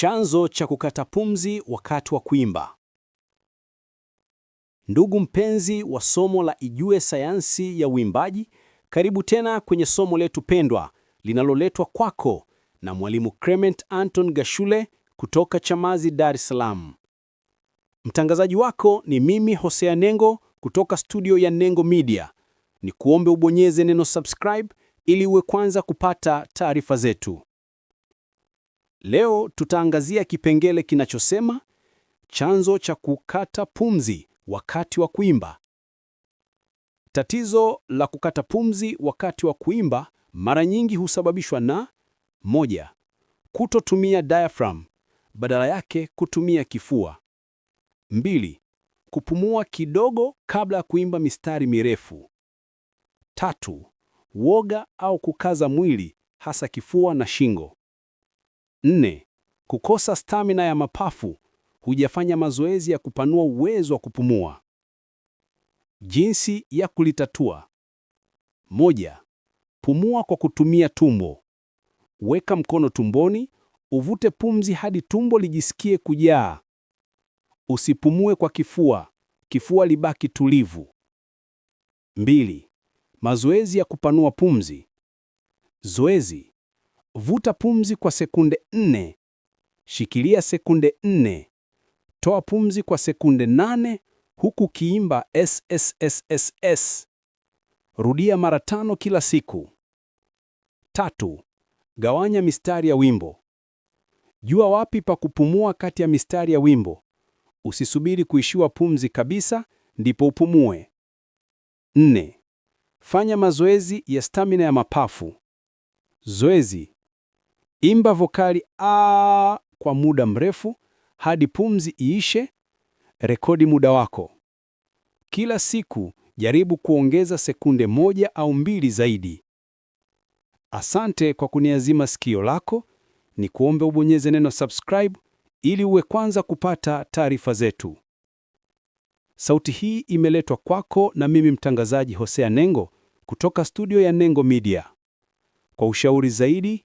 Chanzo cha kukata pumzi wakati wa kuimba. Ndugu mpenzi wa somo la Ijue Sayansi ya Uimbaji, karibu tena kwenye somo letu pendwa linaloletwa kwako na Mwalimu Clement Anton Gashule kutoka Chamazi, Dar es Salaam. Mtangazaji wako ni mimi Hosea Nengo kutoka studio ya Nengo Media. Ni kuombe ubonyeze neno subscribe ili uwe kwanza kupata taarifa zetu. Leo tutaangazia kipengele kinachosema chanzo cha kukata pumzi wakati wa kuimba. Tatizo la kukata pumzi wakati wa kuimba mara nyingi husababishwa na moja, kutotumia diaphragm, badala yake kutumia kifua. Mbili, kupumua kidogo kabla ya kuimba mistari mirefu. Tatu, woga au kukaza mwili hasa kifua na shingo. Nne, kukosa stamina ya mapafu, hujafanya mazoezi ya kupanua uwezo wa kupumua. Jinsi ya kulitatua: moja, pumua kwa kutumia tumbo. Weka mkono tumboni, uvute pumzi hadi tumbo lijisikie kujaa. Usipumue kwa kifua, kifua libaki tulivu. Mbili, mazoezi ya kupanua pumzi. Zoezi: Vuta pumzi kwa sekunde nne, shikilia sekunde nne, toa pumzi kwa sekunde nane huku kiimba SSSSS. Rudia mara tano kila siku. Tatu, gawanya mistari ya wimbo. Jua wapi pa kupumua kati ya mistari ya wimbo. Usisubiri kuishiwa pumzi kabisa ndipo upumue. Nne, fanya mazoezi ya stamina ya mapafu. Zoezi Imba vokali a kwa muda mrefu hadi pumzi iishe. Rekodi muda wako. Kila siku jaribu kuongeza sekunde moja au mbili zaidi. Asante kwa kuniazima sikio lako. Ni kuombe ubonyeze neno subscribe ili uwe kwanza kupata taarifa zetu. Sauti hii imeletwa kwako na mimi mtangazaji Hosea Nengo kutoka studio ya Nengo Media. Kwa ushauri zaidi